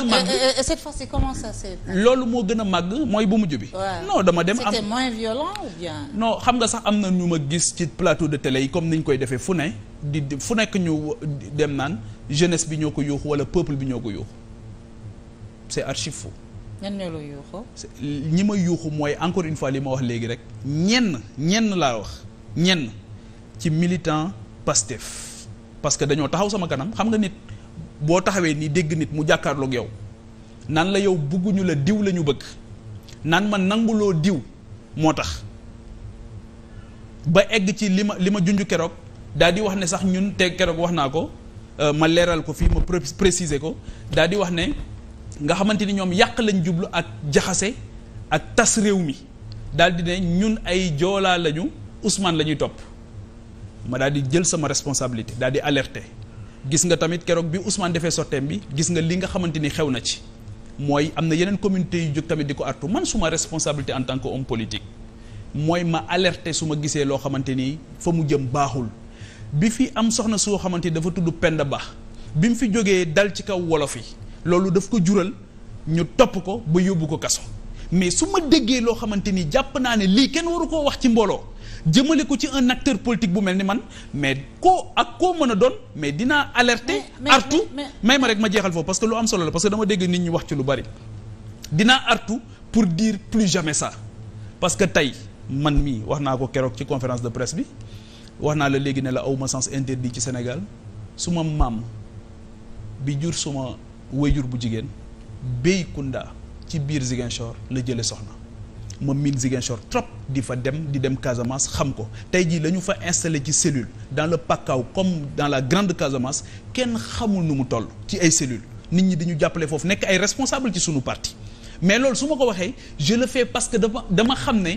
a màgg cette fois loolu moo gën a màgg mooy bu mujj bi. non dama dem am c'était moins violent non xam nga sax am na ñu ma gis ci plateau de télé yi comme ni ñu koy defee fu ne di fu nekk ñu dem naan jeunesse bi ñoo ko yuuxu wala peuple bi ñoo ko yuuxu c'est archi faux. ñan ñi ma yuuxu mooy encore une fois li ma wax léegi rek ñenn ñenn laa wax ñenn ci militant Pastef parce que dañoo taxaw sama kanam xam nga nit. boo taxawee ni dégg nit mu jàkkaarloog yow naan la yow bëgguñu la diw lañu bëgg naan ma nanguloo diw moo tax ba egg ci li ma li ma junj keroog daal di wax ne sax ñun te keroog wax naa ko euh, ma leeral ko fii ma préciser ko daal di wax ne nga xamante ni ñoom yàq lañ jublu ak jaxase ak tas réew mi daal di ne ñun ay joolaa lañu Ousmane la ñuy topp ma daal di jël sama responsabilité daal di alerter. gis nga tamit keroog bi Ousmane defee sotteem bi gis nga li nga xamante ni xew na ci mooy am na yeneen communauté yu jóg tamit di ko artu man suma responsabilité en tan que homme politique mooy ma alerter su ma gisee loo xamante ni fa mu jëm baaxul bi fi am soxna soo xamante ni dafa tudd Penda baax bi mu fi jógee dal ci kaw wolof yi loolu daf ko jural ñu topp ko ba yóbbu ko kaso mais su ma déggee loo xamante ni jàpp naa ne lii kenn waru koo wax ci mbooloo jëmale ko ci un acteur politique bu mel ni man mais koo ak koo mën a doon mais dinaa alerter artu may ma rek ma jeexal foofu parce que lu am solo la parce que dama dégg nit ñi wax ci lu bari dinaa artu pour diir plus jamais sax parce que tey man mii wax naa ko keroog ci conférence de presse bi wax naa la léegi ne la awma sens interdit ci Sénégal suma maam bi jur suma jur bu jigéen Béy Kunda ci biir Ziguinchor la jële soxna ma miin Ziguinchor trop di fa dem di dem Casamance xam ko tey jii lañu fa installé ci cellule dans le Pakao comme dans la grande Casamance kenn xamul nu mu toll ci ay cellules nit ñi dañu jàppale foofu nekk ay responsable ci sunu parti mais loolu su ma ko waxee je le fais parce que dama dama xam ne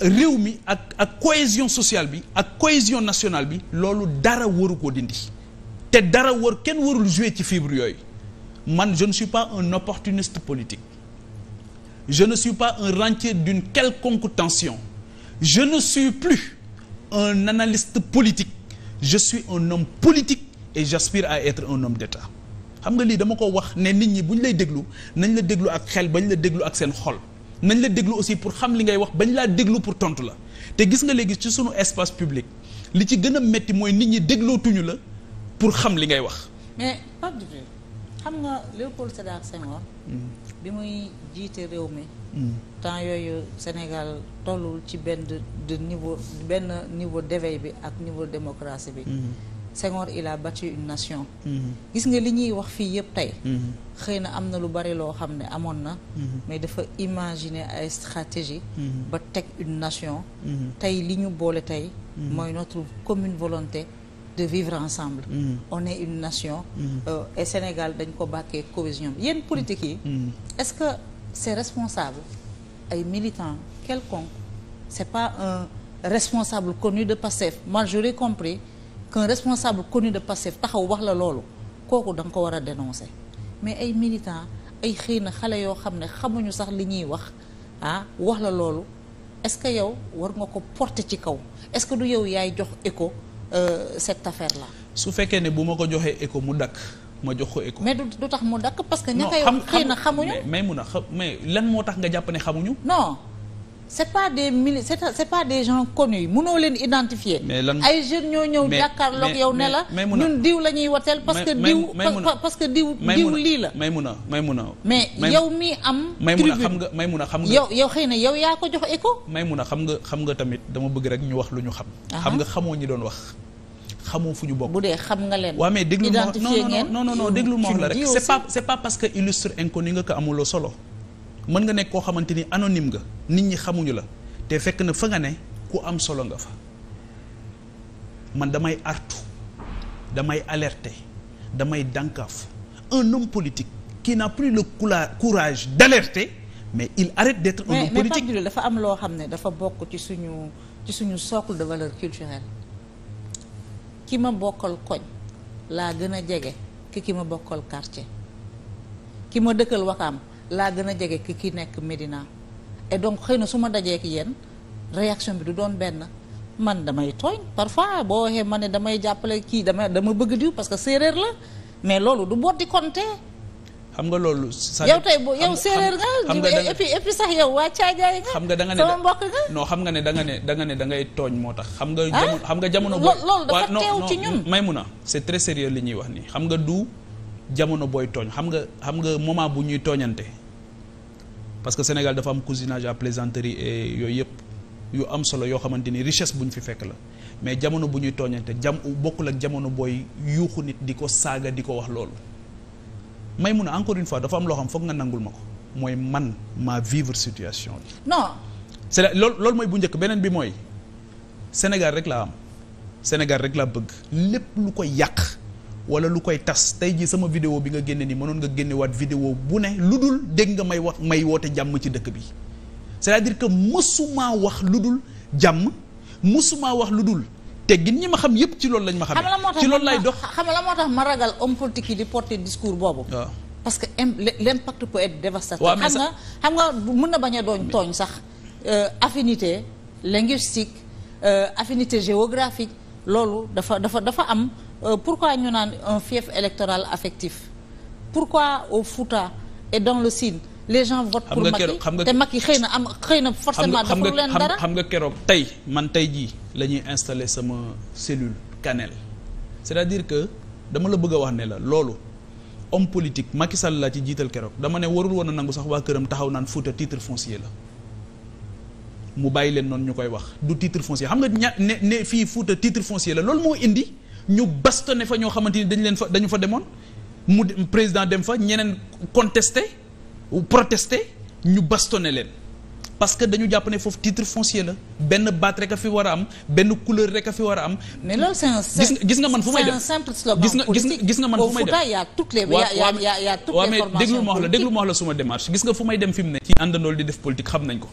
réew mi ak ak cohésion sociale bi ak cohésion nationale bi loolu dara waru koo dindi te dara war kenn warul jouer ci fibre yooyu man je ne suis pas un opportuniste politique je ne suis pas un rentier d'une quelconque tension je ne suis plus un analyste politique je suis un nom politique et j'aspire à être un homme d'État xam nga lii dama ko wax ne nit ñi bu ñu lay déglu nañ la déglu ak xel bañ la déglu ak seen xol nañ la déglu aussi pour xam li ngay wax bañ laa déglu pour tontu la te gis nga léegi ci suñu espace public li ci gën a metti mooy nit ñi déglootuñu la pour xam li ngay wax. mais Pape Djibril xam nga Léopold bi muy jiite réew mi mm. temps yooyu Sénégal tollul ci benn niveau benn niveau d'éveil bi ak niveau démocratie bi mm-hmm. Senghor il a bâti une nation mm-hmm. gis nga li ñuy wax fii yëpp tey mm-hmm. xëy na am na lu bari loo xam ne amoon na mais dafa imaginer ay stratégie ba teg une nation tey li ñu boole tey mooy notre commune volonté de vivre ensemble. Mm. on est une nation. Mm. Euh, et Sénégal dañ ko bàkkee cohésion bi yéen yi. Mm. est-ce que c'est responsable ay militants quelconque c'est pas un responsable connu de Pastef moi j'aurais compris qu'un responsable connu de Pastef taxaw wax la loolu kooku da nga ko war a dénoncer mais ay militants ay xëy na xale yoo xam ne xamuñu sax li ñuy wax ah wax la loolu est-ce que yow war nga ko porter ci kaw est-ce que du yow yaay jox écho. Euh, cette affaire-là. su fekkee ne bu ma ko joxee écho mu dakk ma jox ko écho. mais du tax mu dakk parce que. ña koy wax xëy na xamuñu mais mun a mais lan moo tax nga jàpp ne xamuñu. non. c'est pas des mili c'est c'est pas des gens connus mënoo leen identifier. ay jeunes ñoo ñëw jàkkaarloog yow ne la. ñun diw la ñuy woteel parce que diw parce que diw diw lii la. may mun a may mun a mais mi am. may mun a nga may mun a xam nga. yow yow xëy na yow yaa ko jox écho. may mun a xam nga xam nga tamit dama bëgg rek ñu wax lu ñu xam. xam nga xamoo ñi doon wax. xamoo fu ñu bokk bu dee xam nga leen. waaw mais déglu ma non non déglu ma la rek c'est pas c'est pas parce que illustre inconnu nga ko amuloo solo. mën nga nekk koo xamante ni anonyme nga nit ñi xamuñu la te fekk na fa nga ne ku am solo nga fa man damay artu damay alerter damay dànkaaf un homme politique qui n'a plus le courage d'alerter mais il arrête d'être un homme politique dafa am loo xam ne dafa bokk ci suñu ci suñu socle de valeur culturelle ki ma bokkal koñ laa gën a jege ki ki ma bokkal quartier ki ma dëkkal Wakaam laa gën a jege ki ki nekk Médina et donc xëy na su ma dajee ak yéen réaction bi du doon benn man damay tooñ parfois boo waxee ma ne damay jàppale kii dama dama bëgg diw parce que séeréer la mais loolu du botti compté. xam nga loolu. yow tey boo xam nga et puis et sax yow waa caajaay nga. xam nga da nga ne sama mbokk xam nga ne nga ne da ne da ngay tooñ moo tax. xam nga ah? jamono nga jamono. boo loolu dafa teew ci ñun. Maymuna c'est très sérieux li ñuy wax nii xam nga du. jamono booy tooñ xam nga xam nga moment bu ñuy tooñante parce que Sénégal dafa am cousinage à plaisanterie yooyu yëpp yu am solo yoo xamante ni richesse bu ñu fi fekk la mais jamono bu ñuy tooñante jam bokkul ak jamono booy yuuxu nit di ko saaga di ko wax loolu may mun a encore une fois dafa am loo xam foog nga nangul ma ko mooy man ma vivre situation bi. non. c'est loolu mooy bu njëkk beneen bi mooy Sénégal rek laa am Sénégal rek laa bëgg lépp lu ko yàq. wala lu koy tas tey jii sama vidéo bi nga génne nii mënoon nga génne waat vidéo bu ne lu dul dégg nga may wax may woote jàmm ci dëkk bi c'est-à-dire que mësuma wax lu dul jàmm mësuma wax lu dul teggin ñi ma xam yépp ci loolu lañ ma loolu lay dox xam la moo tax ma ragal homme politique yi di porter discours boobu waaw parce que l'impact peut être dévastateur xam nga xam mën na bañ a doon tooñ sax euh, affinité linguistique euh, affinité géographique loolu dafa dafa dafa am Euh, pourquoi ñu naan un fief électoral affectif pourquoi au Fouta et dans le Sine les gens votent pour Macky te Macky xëy na am xëy na forcément dafa leen dara xam nga keroog tey man tey jii la ñuy installer sama cellule cannelle c'est-à-dire que dama la bëgg wax ne la loolu homme politique Macky Sall laa ci jiital keroog dama ne warul woon a nangu sax waa këram taxaw naan Fouta titre foncier la mu bàyyi leen noonu ñu koy wax du titre foncier xam nga ña ne fii Fouta titre foncier la loolu moo indi ñu bastonné fa ñoo xamante ni dañ leen fa dañu fa demoon mu président dem fa ñeneen contesté protesté ñu bastonné leen parce que dañu jàpp ne foofu tiitre foncier la benn baat rek a fi war a am benn couleur rek a fi war a am. mais loolu c'est un gis nga man fu may dem c'est un simple slogan politique gis nga man fu may dem y a toutes les y a toutes les formations déglu ma wax ma wax la nga fu may dem fi mu ne. ci àndandool di def politique xam nañ ko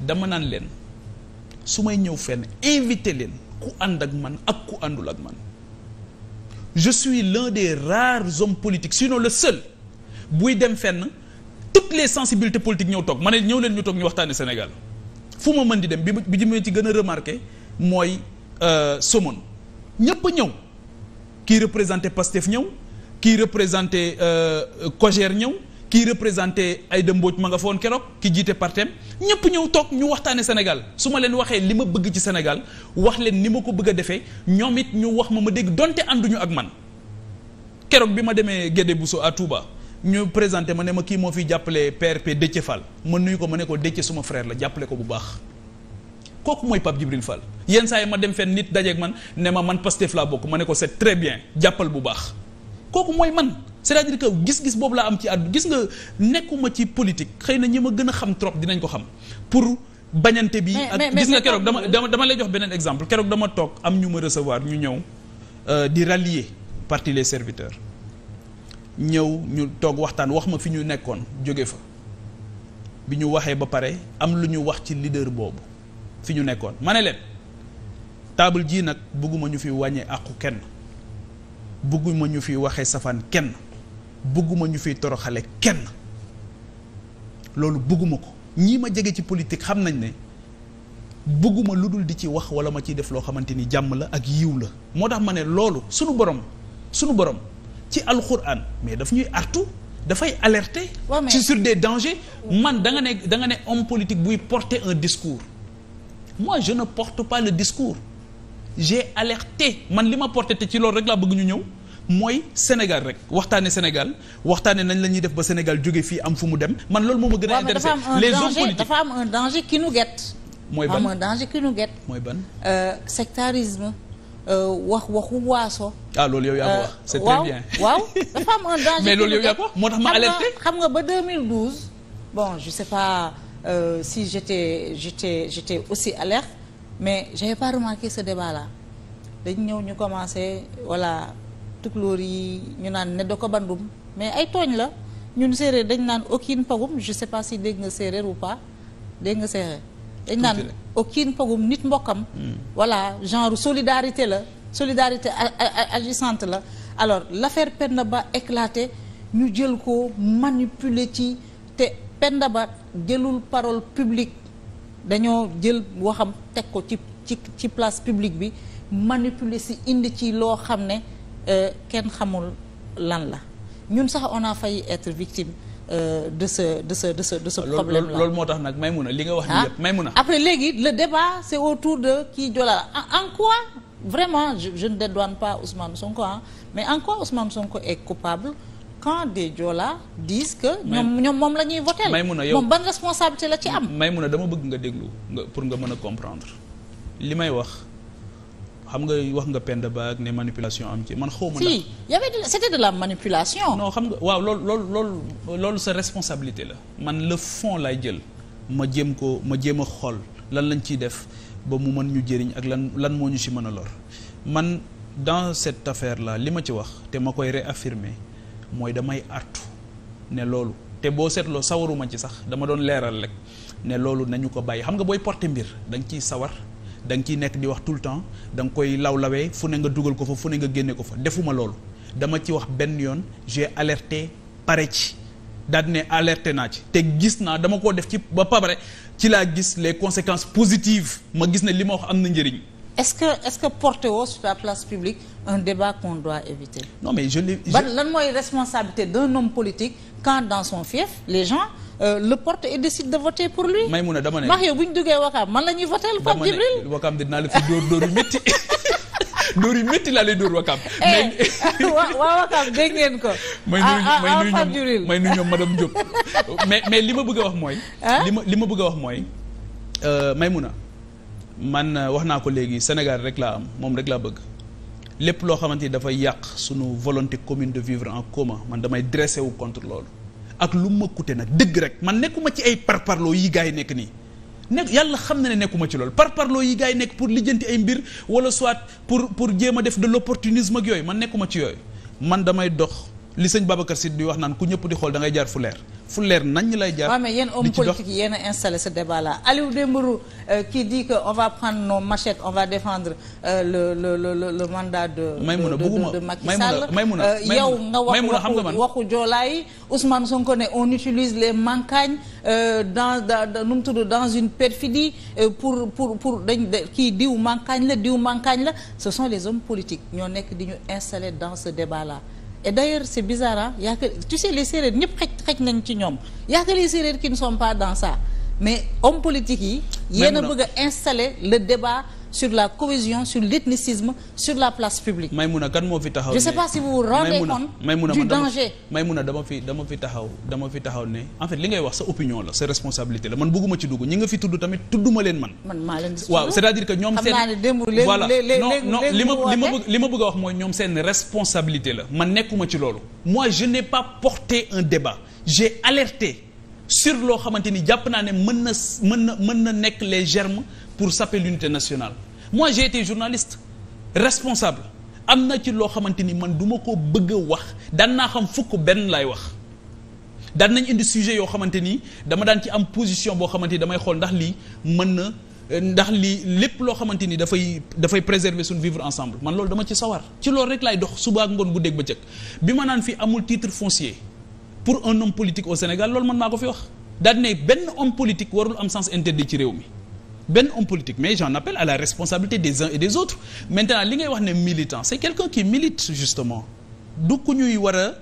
dama naan leen su may ñëw fenn invité leen ku ànd ak man ak ku àndul ak man. je suis l'un des rares hommes politiques sinon la seul buy dem fenn toutes les sensibilités politiques ñëw toog ma ne ñëw leen ñu toog ñu waxtaane Sénégal fu ma mën di dem bi bi ma ci gën a remarqué mooy euh, Somone ñëpp ñëw kii représenté Pastef ñëw kii représenté euh, Cojer ñëw kii représenté Aïda Mbodj ma nga foon keroog ki jiite partem ñëpp ñëw toog ñu waxtaane Sénégal su ma leen waxee li ma bëgg ci Sénégal wax leen ni ma ko bëgg a defee ñoom it ñu wax ma ma dégg donte ànduñu ak man keroog bi ma demee bu Bousso à Touba ñu présenté ma ne ma kii moo fi jàppale PRP Déthié Fall ma nuyu ko ma ne ko Déthié suma frère la jàppale ko bu baax kooku mooy Pape Djibril Fall yenn saa yi ma dem fenn nit dajeek man ne ma man Pastef laa bokk ma ne ko c'est très bien jàppal bu baax kooku mooy man c'est-à-dire que gis-gis boobu laa am ci àdduna gis nga nekkuma ci politique xëy na ñi ma gën a xam trop dinañ ko xam pour bañante bi ak gis nga keroog dama dama dama lay jox beneen exemple keroog dama toog am ñu ma recevoir ñu ñëw euh, di rallier parti les serviteurs ñëw ñu toog waxtaan wax ma fi ñu nekkoon jóge fa bi ñu waxee ba pare am lu ñu wax ci leader boobu fi ñu nekkoon ma ne leen table jii nag bëgguma ñu fi wàññee àqu kenn bëgguma ñu fi waxee safaan kenn bëgguma ñu fiy toroxale kenn loolu bëgguma ko ñii ma jege ci politique xam nañ ne bëgguma lu dul di ci wax wala ma ciy def loo xamante ni jàmm la ak yiw la moo tax ma ne loolu sunu borom sunu borom ci alxuraan mais daf ñuy artu dafay alerter ci sur des dangers man danga nga ne da nga ne homme politique buy porter un discours moi je ne porte pas le discours j'ai alerté man li ma porté te ci loolu rek laa bëgg ñu ñëw mooy Sénégal rek waxtaane Sénégal waxtaane nañ la ñuy def ba Sénégal jóge fii am fu mu dem man loolu moo ma gën a intéressé les hommes politiques dafa am un danger qui nous guette mooy ban am un danger qui nous mooy ban euh, sectarisme euh, wax waxu waaso ah loolu yow yaa ko euh, wax c'est très bien waaw am un danger mais loolu yow yaa ko wax moo tax ma alerté xam nga ba 2012 bon je sais pas euh, si j'étais j'étais j'étais aussi alerte mais j'avais pas remarqué ce débat là dañu ñëw ñu commencé voilà tukulóor yi ñu naan ne da ko bandum mais ay tooñ la ñun séeréer dañ naan okin pagum je sais pas si dégg nga séeréer ou pas dégg nga séeréer dañ naan okin pagum nit mbokkam hmm. voilà genre solidarité la solidarité agissante la alors l'affaire Penda Ba éclaté ñu jël ko manipuler ci te Penda Ba jëlul parole publique dañoo jël waxam teg ko ci place publique bi manipuler si indi ci loo xam ne Euh, kenn xamul lan la ñun sax on a failli être victime euh, de ce de ce de ce de ce ah, problème là loolu moo tax nag Maimouna li nga wax nii ah? yëpp Maimouna. après léegi le débat c'est autour de kii jola en quoi vraiment je, je ne dédouane pas Ousmane Sonko am mais en quoi Ousmane Sonko est coupable quand de Joola disent que. ñoom ñoom moom la ñuy voté. Maimouna yow moom ban responsabilité la ci am. Maimouna dama bëgg nga déglu nga pour nga mën a comprendre li may wax. xam nga wax nga pend ba ak ne manipulation am ci man xaw ma. si y la manipulation. non xam nga waaw loolu loolu loolu sa responsabilité la man le fond lay jël ma jéem ko ma jéem a xool lan lañ ciy def ba mu mën ñu jëriñ ak lan lan moo ñu ci mën a lor man dans cette affaire la li ma ci wax te ma koy re réaffirmer mooy damay artu ne loolu te boo seetloo sawaruma ci sax dama doon leeral rek ne loolu nañu ko bàyyi xam nga booy porter mbir da ciy sawar. da nga ciy nekk di wax tout le temps danga koy law fu ne nga dugal ko fa fu ne nga génne ko fa defuma loolu dama ci wax benn yoon j'ai alerté pare ci daal ne alerté naa ci te gis naa dama ko def ci ba pare ci laa gis les conséquences positives ma gis ne li ma wax am na njëriñ. est-ce que est-ce que porté woo sur la place publique un débat qu'on doit éviter. non mais je l'ai. ban lan mooy responsabilité d'un homme politique quand dans son fief les gens. Euh, le porte et décide de voter pour lui. Maïmouna dama ne. maax yow bu ñu duggee Wakaam man la ñuy voté Pape Djibril. Wakaam dinaa la fi dóor dóor yu métti dóor yu métti laa lay dóor Wakaam. Eh, ngeen ko. may nuyu ah, ah, ah, Pape Djibril may nuyu mais li ma bëgg a wax mooy. li ma li ma bëgg a wax mooy euh, Maïmouna man euh, wax naa ko léegi Sénégal rek laa am moom rek laa bëgg. lépp loo xamante ni dafay yàq sunu volonté commune de vivre en commun man damay dressé wu contre loolu. ak lu ma coûté nag dëgg rek man nekkuma ci ay par parparloo yi gars yi nekk nii nekk yàlla xam na ne nekkuma ci loolu parparloo yi gars yi nekk pour lijjanti ay mbir wala soit pour pour jéem a def de l'opportunisme ak yooyu man nekkuma ci yooyu man damay dox li sëñ Babacar Sy di wax naan ku ñëpp di xool da ngay jaar fu leer fu leer nañ lay jaar. waaw mais yéen homme politique yéen a installé ce débat là Aliou Dembourou euh, qui dit que on va prendre nos machettes on va défendre euh, le le le le mandat de. Maïmouna bëgguma de euh, wax waxu waxu joolaa yi Ousmane Sonko ne on utilise les mancagnes dans dans nu mu tudd dans une perfidie pour pour pour dañ kii diw mancagne la diw mancagne la ce son les hommes politiques ñoo nekk di ñu installé dans ce débat là. et d'ailleurs c'est bizarre ah y a que tu sais les séeréer ñëpp xaj xaj nañ ci ñoom y a que les séeréer qui ne sont pas dans ça mais hommes politiques yi yéen a bëgg a le débat sur la cohésion sur l'ethnicisme sur la place publique. a kan moo fi taxaw ne je sais pas si vous dama fi dama fi taxaw dama fi taxaw ne en fait li ngay wax sa opinion la sa responsabilité la man bëgguma ci dugg ñi nga fi tudd tamit tudduma leen man. man maa leen waaw c'est-à-dire que ñoom seen. voilà non non li ma li ma bëgg li ma bëgg a wax mooy responsabilité la man nekkuma ci loolu. moi je n'ai pas porté un débat j'ai alerté sur loo xamante ni jàpp naa ne mën na mën na mën na nekk les germe pour saper l'unité nationale moi j'ai été journaliste responsable am na ci loo xamante ni man duma ko bëgg a wax daan naa xam fukk benn lay wax daan nañ indi sujet yoo xamante ni dama daan ci am position boo xamante ni damay xool ndax lii mën na ndax lii lépp loo xamante ni dafay dafay préserver suñu vivre ensemble man loolu dama ci sawar ci lool rek lay dox suba ak ngoon guddeeg bëccëg bi ma naan fii amul titre foncier pour un homme politique au Sénégal loolu man ko fi wax daan ne benn homme politique warul am sens interdit ci réew mi benn homme politique mais j'en appelle à la responsabilité des uns et des autres maintenant li ngay wax ne militant c'est quelqu'un qui milite justement du ku ñuy war a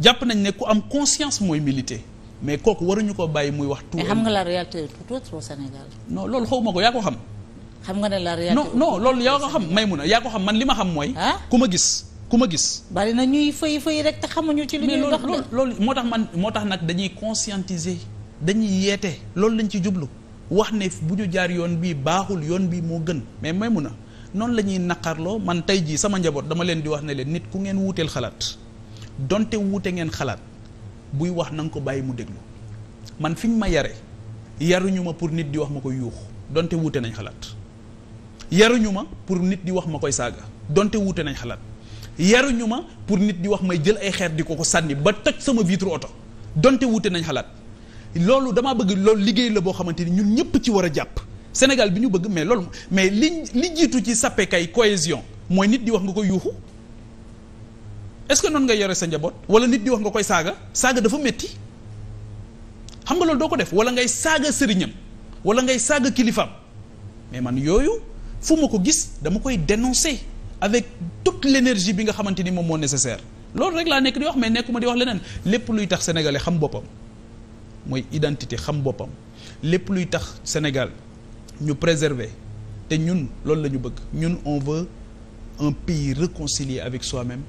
jàpp nañ ne ku am conscience mooy militer mais kooku waruñu ko bàyyi muy wax. tout mais la réalité tout autre au Sénégal. non loolu xaw ma ko yaa ko xam. xam nga ne la réalité. non non loolu yaa ko xam Maimouna yaa ko xam man li ma xam mooy. Ah? ku ma gis ku ma gis. bari na ñuy fëy fëy rek te xamuñu ci li ñuy dox de. moo tax man moo tax nag dañuy conscientiser dañuy yeete loolu lañ ci jublu. wax ne bu ñu jaar yoon bii baaxul yoon bii moo gën mais may mun a noonu la ñuy naqarloo man tey jii sama njaboot dama leen di wax ne leen nit ku ngeen wuteel xalaat donte wuute ngeen xalaat buy wax na ko bàyyi mu déglu man fi ñu ma yare yaruñu ma pour nit di wax ma koy yuux donte wuute nañ xalaat yaruñu ma pour nit di wax ma koy saaga donte wuute nañ xalaat yaruñu ma pour nit di wax may jël ay xeer di ko ko sànni ba toj sama vitre oto donte wute nañ xalaat loolu damaa bëgg loolu liggéey la boo xamante ni ñun ñëpp ci war a jàpp Sénégal bi ñu bëgg mais loolu mais li li jiitu ci sappekay cohésion mooy nit di wax nga koy yuuxu est-ce que noonu nga yore sa njaboot wala nit di wax nga koy saaga saaga dafa metti xam nga loolu doo ko def wala ngay saaga sëriñam wala ngay saaga kilifaam mais man yooyu fu ma ko gis dama koy dénoncer avec toute l'énergie bi nga xamante ni moom moo nécessaire loolu rek laa nekk di wax mais nekkuma di wax leneen lépp luy tax sénégalais xam boppam. mooy identité xam boppam lépp luy tax Sénégal ñu préserver te ñun loolu la ñu bëgg ñun on veut un pays réconcilié avec soi-même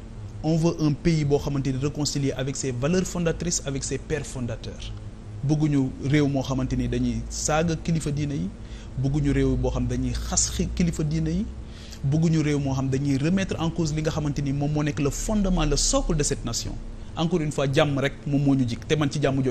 on veut un pays boo xamante ni réconcilié avec ses valeurs fondatrices avec ses pères fondateurs bëgguñu réew moo xamante ni dañuy saaga kilifa diine yi bëgguñu réew boo xam dañuy xas kilifa diine yi bëgguñu réew moo xam dañuy remettre en cause li nga xamante ni moom moo nekk le fondement le socle de cette nation encore une fois jàmm rek moom moo ñu jik te man ci jàmm jooju